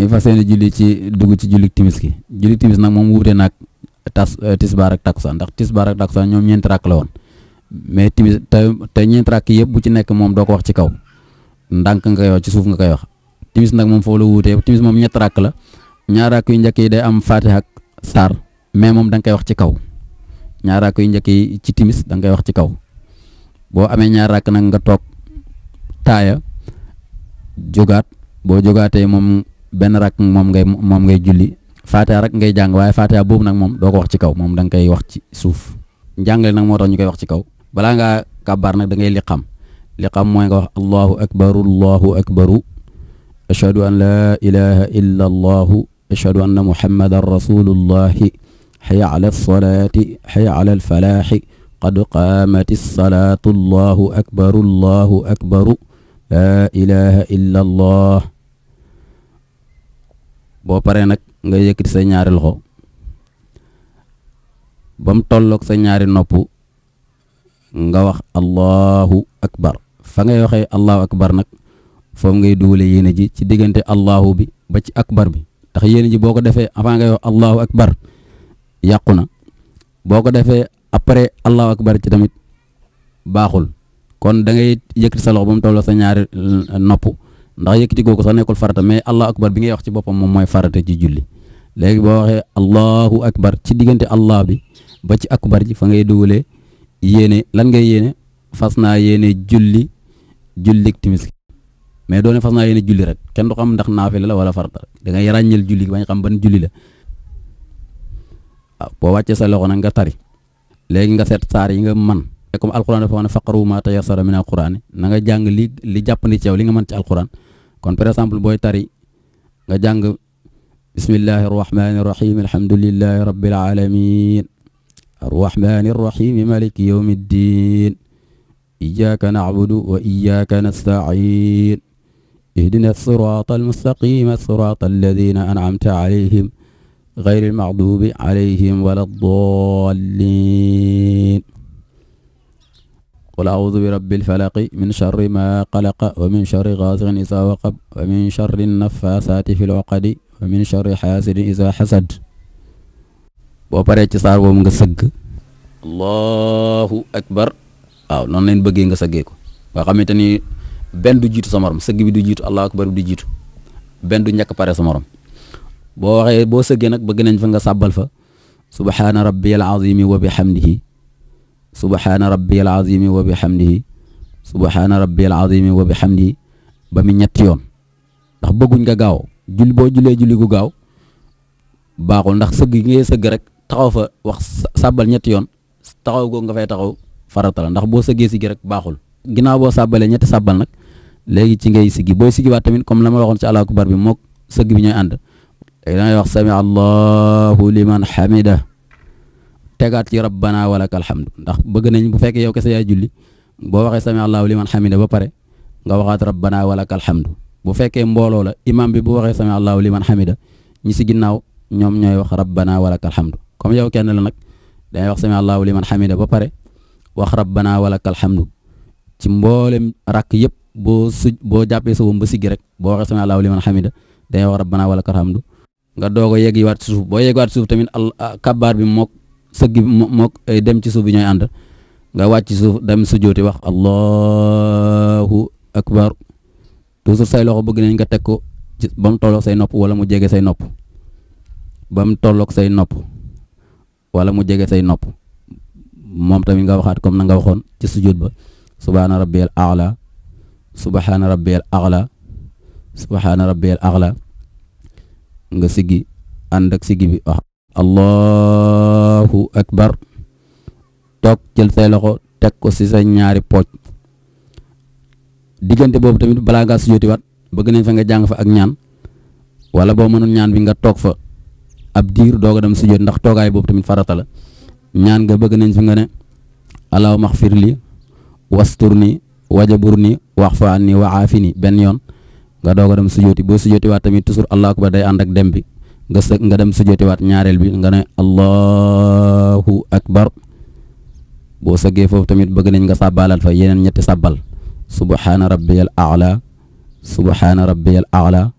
ñi fas yéene julli ci dugg ci julli timis ki julli timis nak mom wuté nak tas tisbar ak takusan, euh, ndax tisbar ak takusaan ñom ñent rak la won mais timis tay ñent rak yépp bu ci nek mom doko wax ci kaw ndank nga yo ci suuf nga koy wax timis nak mom fo la wuté timis mom ñet rak la ñaara rakk ñëk yi day am faatiha ak sar mais mom dang koy wax ci kaw ñaara rakk ñëk yi ci timis dang nga koy wax ci kaw bo amé ñaara rak nak nga tok taya jogat bo mom benn rak moom ngay moom ngay julli faatiha rek ngay jàng waaye faatiha boobu nag moom doo ko wax ci kaw moom da nga koy wax ci suuf njàngale nag moo tax ñu koy wax ci kaw balaa ngaa kàbbaar nag da ngay liqam liqam mooy nga wax allahu akbaru allahu akbaru ashhadu an laa ilaha illa allahu ashhadu anna muhammadan rasulullahi xaya ala alsalaati xaya ala alfalaaxi qad qaamati alsalaatu allahu akbaru allahu akbaru laa illa allah boo paree nag nga yëkkati sa ñaari loxo ba mu sa ñaari nopp nga wax allahu akbar fa ngay waxee allahu akbar nag foofu ngay duwale yéene ji ci diggante allahu bi ba ci akbar bi tax yéene ji boo ko defee avant ngay wax allahu akbar yàqu na boo ko defee après allahu akbar tamit baaxul kon da ngay yëkkati sa loxo ba mu tolloog sa ñaari nopp ndax yekiti goko sax nekul farata mais allah akbar bi ngay wax ci bopam mom moy farata ci julli léegi bo waxe allahu akbar ci digeenti allah bi ba ci akbar ji fa ngay iye yene lan ngay yene fasna yene julli jullik timis mais doone fasna naa yéene julli rek ken du xam ndax naafila la wala farata da ngay ragnel julli bañ xam ban julli la bo wacce sa loxo nag nga tari léegi nga set sar yi nga man comme alquran dafa wax faqru ma tayassara min alquran na nga jang li li jàppandi ci yow li nga man ci alquran kon par exemple boy tari nga jàng bismillahir rahmanir rahim alhamdulillahi rabbil alamin arrahmani irrahimi maliki yawmi ddin iyyaka na'budu wa iyyaka nasta'in اهدنا الصراط المستقيم الصراط الذين أنعمت عليهم غير المغضوب عليهم ولا الضالين قل أعوذ برب الفلق من شر ما قلق ومن شر غاسق إذا وقب ومن شر النفاثات في العقد ومن شر حاسد إذا حسد وبرئت صار ومغسق الله أكبر أو نانين بعدين غسقيكو وقامي تاني بن دجيت سمرم سقي بدجيت الله أكبر بدجيت بن دنيا كبار سمرم بوه بوسقينك بعدين فنغ سبلفا سبحان ربي العظيم وبحمده subhaana rabbiyal azimi wa bihamdihi subhaana rabbiyal azimi wa bihamdihi ba mi ñetti yoon ndax bëgguñ nga gaaw julli boo jullee julli gu gaaw baaxul ndax sëgg yi ngay sëgg rek taxaw fa wax sàbbal ñetti yoon taxaw googu nga fay taxaw faratala ndax boo sëggee sigi rek baaxul ginnaaw boo sàbbalee ñetti sàbbal nag léegi ci ngay sigi boo sigi waat tamit comme la ma waxoon ci allahu akbar bi mok sëgg bi ñooy ànd dangay wax sami allahu liman hamida tegaat ci rabbana walakal hamdu ndax bëgg nañ bu fekkee yow kese yaay julli boo waxee sami allahu liman hamida ba pare nga waxaat rabbana walakal hamdu bu fekkee mbooloo la imam bi bu waxee sami allahu liman hamida ñi si ginnaaw ñoom ñooy wax rabbana walakal hamdu comme yow kenn la nag dangay wax sami allahu liman hamida ba pare wax rabbana walakal hamdu ci mboolem rakk yëpp boo su boo jàppee sa wom ba siggi rek boo waxee sami allahu liman hamida dangay a yegg waat suuf boo yegg waat suuf tamit al ah, kabbaar bi mook segi bi eh, dem ci suuf bi ñooy ànd nga wacc ci suuf dem sujjóoti wax allahu akbar toujours say loxo bëgg nañ nga teg ko ba say nopp wala mu jégué say nopp bam tolok say nopp wala mu jégué say nopp mom tamit nga waxat comme nga waxon ci sujjóot ba subhana rabbiyal a'la subhana rabbiyal a'la subhana rabbiyal a'la nga sigi andak sigi bi allahu akbar Tok jël say loxo teg ko ci say ñaari pooj diggante boobu tamit balaa ngaa sujjóotiwaat bëgg nañ fa nga jàng fa ak ñaan wala boo mënul ñaan bi nga toog fa ab diir doog a dem ndax toogaay boobu tamit farata la ñaan nga bëgg nañ nga ne allahu wasturni wajaburni waxfa Waafini. wa aafini benn yoon nga doog a dem sujjóoti boo sujjóotiwaat tamit toujours allahu akbar day ànd ak dem bi nga sëg nga dem sujjootiwaat ñaareel bi nga ne allahu akbar boo sëggee foofu tamit bëgg nañ nga sàbbaalal fa yeneen ñetti sàbbal subhaana rabbiyal a'la subhaana rabbiyal a'la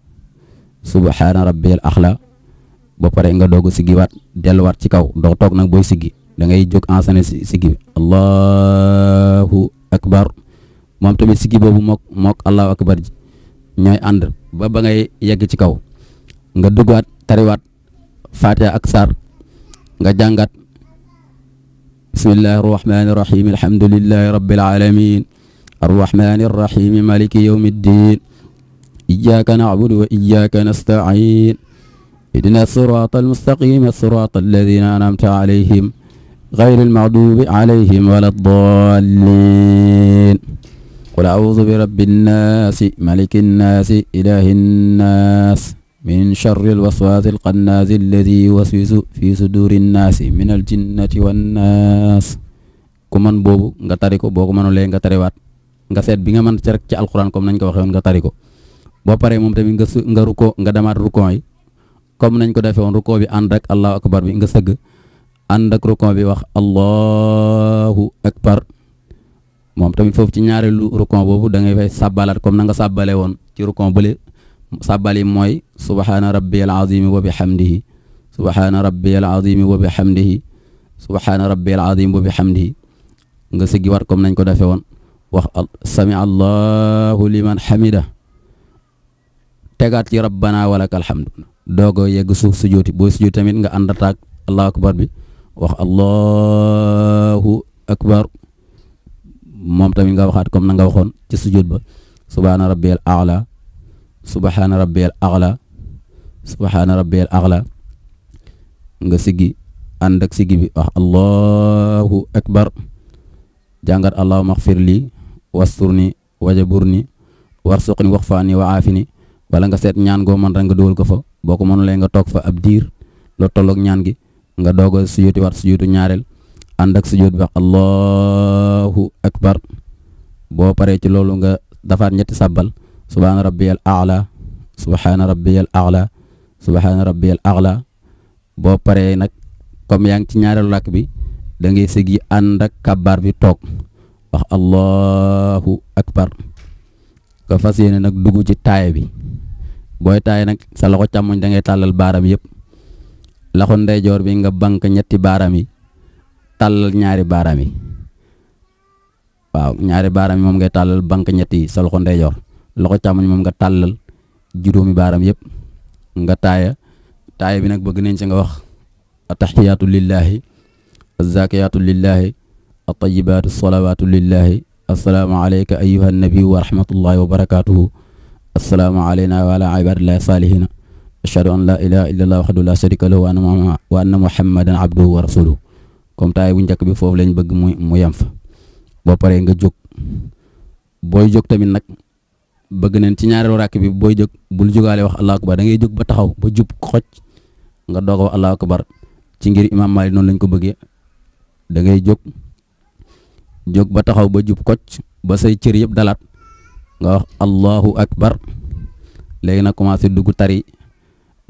subhaana rabbiyal a'la ba pare nga doog a siggiwaat delluwaat ci kaw doo toog nag booy sigi da ngay jóg ensene siggi bi allahu akbar moom tamit siggi boobu mook allahu akbar ñooy ànd ba ba yegg ci kaw nga duggaat tariwaat fatiha ak sar nga jàngat bismillahi arrahmani irrahim alhamdulilahi rabbil alamin arrahmani irrahim maliki yawmi ddin iyyaka na'budu wa iyyaka nasta'in اهدنا الصراط المستقيم الصراط الذين أنعمت عليهم غير المغضوب عليهم ولا الضالين قل أعوذ برب الناس ملك الناس إله الناس من شر الوسواس القناز الذي يوسوس في صدور الناس من الجنة والناس ku بوبو nga tari ko boko ko mënulee nga wat nga set bi nga man ci rek ci alquran comme nañ ko waxe won nga tari ko bo pare mom tamit nga nga ruko nga damat ruko yi comme nañ ko defee won ruko bi andak Allah allahu akbar bi nga seug andak ruko bi wax allahu akbar mom tamit fofu ci lu ruko bobu da ngay fay sàbbalaat comme na nga sàbbale woon ci ruko moy subhaana rabbiyal azimi wa bihamdihi subhaana rabbiyal azimi wa bihamdihi subhaana rabbiyal azimi wa bihamdihi nga sëggi waat comme nañ ko defe woon wax sami allahu liman hamida tegaat ci rabbana walakal hamdu doogo yegg suuf sujooti booy sujooti tamit nga ànd ataak allahu akbar bi wax allahu akbar moom tamit nga waxaat comme na nga waxoon ci sujoot ba subhaana rabbiyal a'la subhaana rabbiyal a'la subhana rabbiyal a'la nga sigi andak ak sigi bi wax allahu akbar jàngat allah maghfirli wasturni wajaburni warsuqni waqfani wa balang wala nga set ñaan go man rek nga dugal ko fa boko ko lay nga tok fa ab diir loo tolloog ñaan gi nga dogo sujudu ñaarel bi allahu akbar bo pare ci lolu nga dafaat ñetti sabbal subhana rabbiyal aala subhana rabbiyal aala subhana rabbiyal a'la bo pare nak comme yang ci ñaaral lak bi da ngay segi and ak kabar bi tok wax allahu akbar ko fasiyene nak duggu ci tay bi boy tay nak sa loxo càmmoñ da ngay yep baaram yëpp loxo jor bi nga bank ñetti baram yi tàllal ñaari baram yi waaw ñaari baram mom ngay talal bank ñetti sa loxo jor loxo càmmoñ mom nga talal juroomi baram yep nga taaya taaya bi nag bëgg nañ ci nga wax ataxiyaatu lillahi azakiyaatu lillahi atayibaatu salawaatu lillahi assalaamu aleyka ayuha nabiyu wa rahmatullahi wa barakatuhu assalaamu aleyna wa ala ibadillahi saalihina an la ilaha illa allah waxdu la sharika lahu wa anna muhammadan abduhu wa rasuluhu taaya bu njëkk bi foofu lañ bëgg mu mu yem fa boo nga jóg booy jóg tamit nag bëgg neen ci ñaareelu ràkk bi booy jog bul jógaale wax allahu akbar da ngay ba taxaw ba jub xoj nga doog a wax allahu akbar ci ngir imaam Maalik noonu lañ ko bëggee da ngay jóg jóg ba taxaw ba jub xoj ba say cër yëpp dalaat nga wax allahu akbar léegi nag commencé dugg tari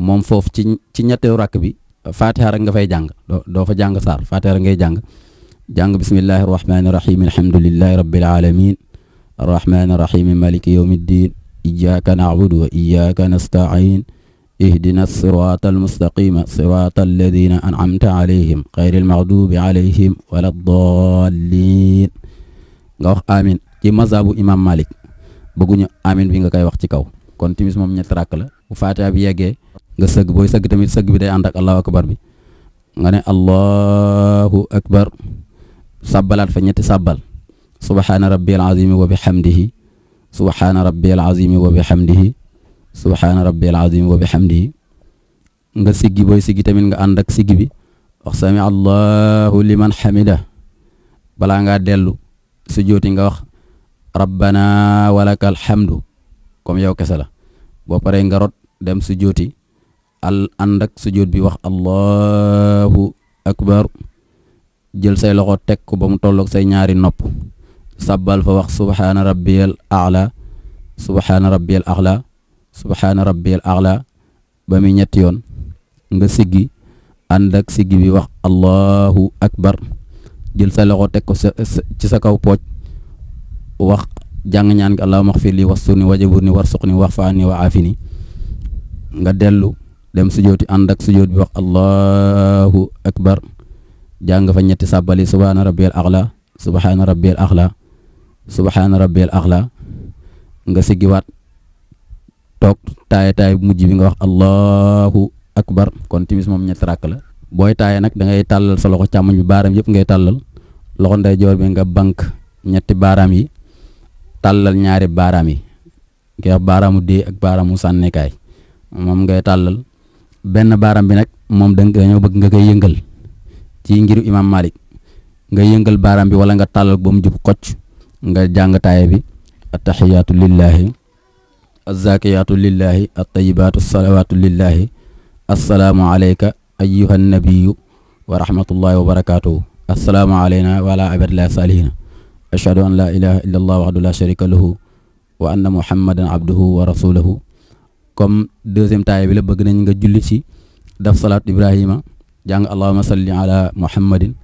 moom foofu ci ci ñetteelu ràkk bi faatiha rek nga fay jàng doo fa jàng saar faatiha rek ngay jàng jàng bismillahi rahmaani rahim alhamdulillahi rabbil alamin arrahmaani arrahiimi maliki yawmi ddiin iyyaka na'budu wa iyyaka nasta'iin ihdina siraata almustaqima siraata alladina an'amta alayhim xayri almaghdubi alayhim wala ddaalliin nga wax amin ci mazhabu imam malik bëgguñu amin bi nga koy wax ci kaw kon timis moom ñetti rakk la bu faatiha bi yeggee nga sëgg booy sëgg tamit sëgg bi day ànd ak allahu akbar bi nga ne allahu akbar sabbalaat fa ñetti sabbal subhaana rabbiyal azimi wa bihamdihi subhaana rabbiyal azimi wa bihamdihi subhaana rabbiyal azimi wa bihamdihi nga siggi booy siggi tamit nga ànd ak siggi bi wax sami allahu liman xamida balaa ngaa dellu su jooti nga wax rabbana walakal hamdu comme yow kese la boo paree nga rot dem su jooti al ànd ak joot bi wax allahu akbar jël say loxo teg ko ba mu tolloog say ñaari nopp sabbal fa wax subhana rabbiyal a'la Subhana rabbiyal a'la subhana rabbiyal a'la bami ñet ñetti yoon nga siggi andak siggi bi wax allahu akbar jël sa loxo tek ko ci sa kaw poj wax jang ñaan gi allahumma ighfir li wasturni warsuqni wa'fani wa'afini nga delu dem sujoti andak sujud bi wax allahu akbar jang fa ñetti sàbbali subhana rabbiyal a'la subhana rabbiyal a'la Subhana rabbil axla nga siggiwaat wat tok tay tay mujj bi nga wax allahu akbar kon timis mom ñet rak la boy tay nak da ngay talal sa loxo càmmoñ bi baram yep ngay talal loxo jor bi nga bank ñetti baram yi talal ñaari baram yi ngay wax baramu de ak sanne kay mom ngay talal ben baram bi nak mom da dañoo bëgg nga kay yëngal ci ngir imam Malik nga yëngal baram bi wala nga talal bu mu jub nga jàng taaya bi attaxiyaatu lillahi azzakiyaatu lillahi attayibaatu salawatu lillahi assalaamu aleyka ayuha nabiyu wa rahmatullahi wa barakatuh assalamu alayna wa ala abadillahi salihin ashhadu an la ilaha illa allah wa la sharika lahu wa anna muhammadan abduhu wa rasuluhu comme deuxième taaya bi la beug nañ nga julli ci daf salat ibrahima jàng allahumma salli ala muhammadin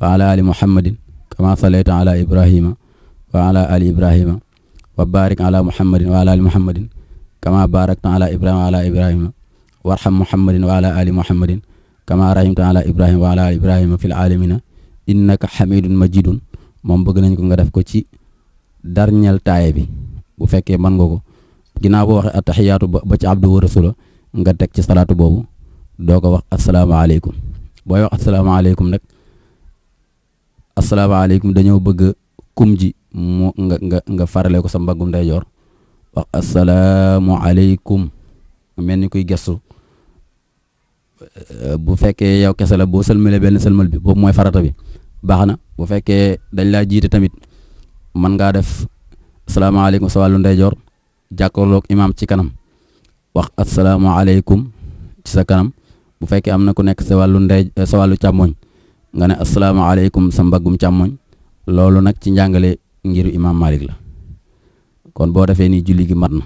wa ala ali muhammadin kama sallaita ala ibrahima wa ala ali ibrahima wa barik ala muhammadin wa ala ali muhammadin kama barakta ala ibrahima wa ala ibrahima warham muhammadin wa ala ali muhammadin kama rahimta ala ibrahima wa ala ali ibrahima fil alamina innaka hamidun majidun moom bëgg nañ ko nga def ko ci darñel taaye bi bu fekkee mën nga ko ginnaaw boo waxee attaxiyaatu ba ci nga teg ci salaatu boobu doo ko wax asalaamaaleykum booy wax asalaamaaleykum nag asalaamaaleykum dañoo bëgg kum mu nga nga farale ko sa mbaggum ndeyjoor wax asalaamualeykum mel ni kuy gestu eh, bu fekkee yow kese la boo sëlmalee benn sëlmal bi boobu mooy farata bi baax na bu fekkee dañ laa jiite tamit mën ngaa def asalaamaaleykum sa wàllu ndeyjoor jàkkaarloog imaam ci kanam wax asalaamaaleykum sa kanam bu fekkee am na ku nekk sa wàllu ndey sa wàllu càmmoñ nga ne asalaamaaleykum sa mbaggum càmmoñ loolu nag ci njàngale ngiru imaam Malik la kon boo defee nii julli gi mat na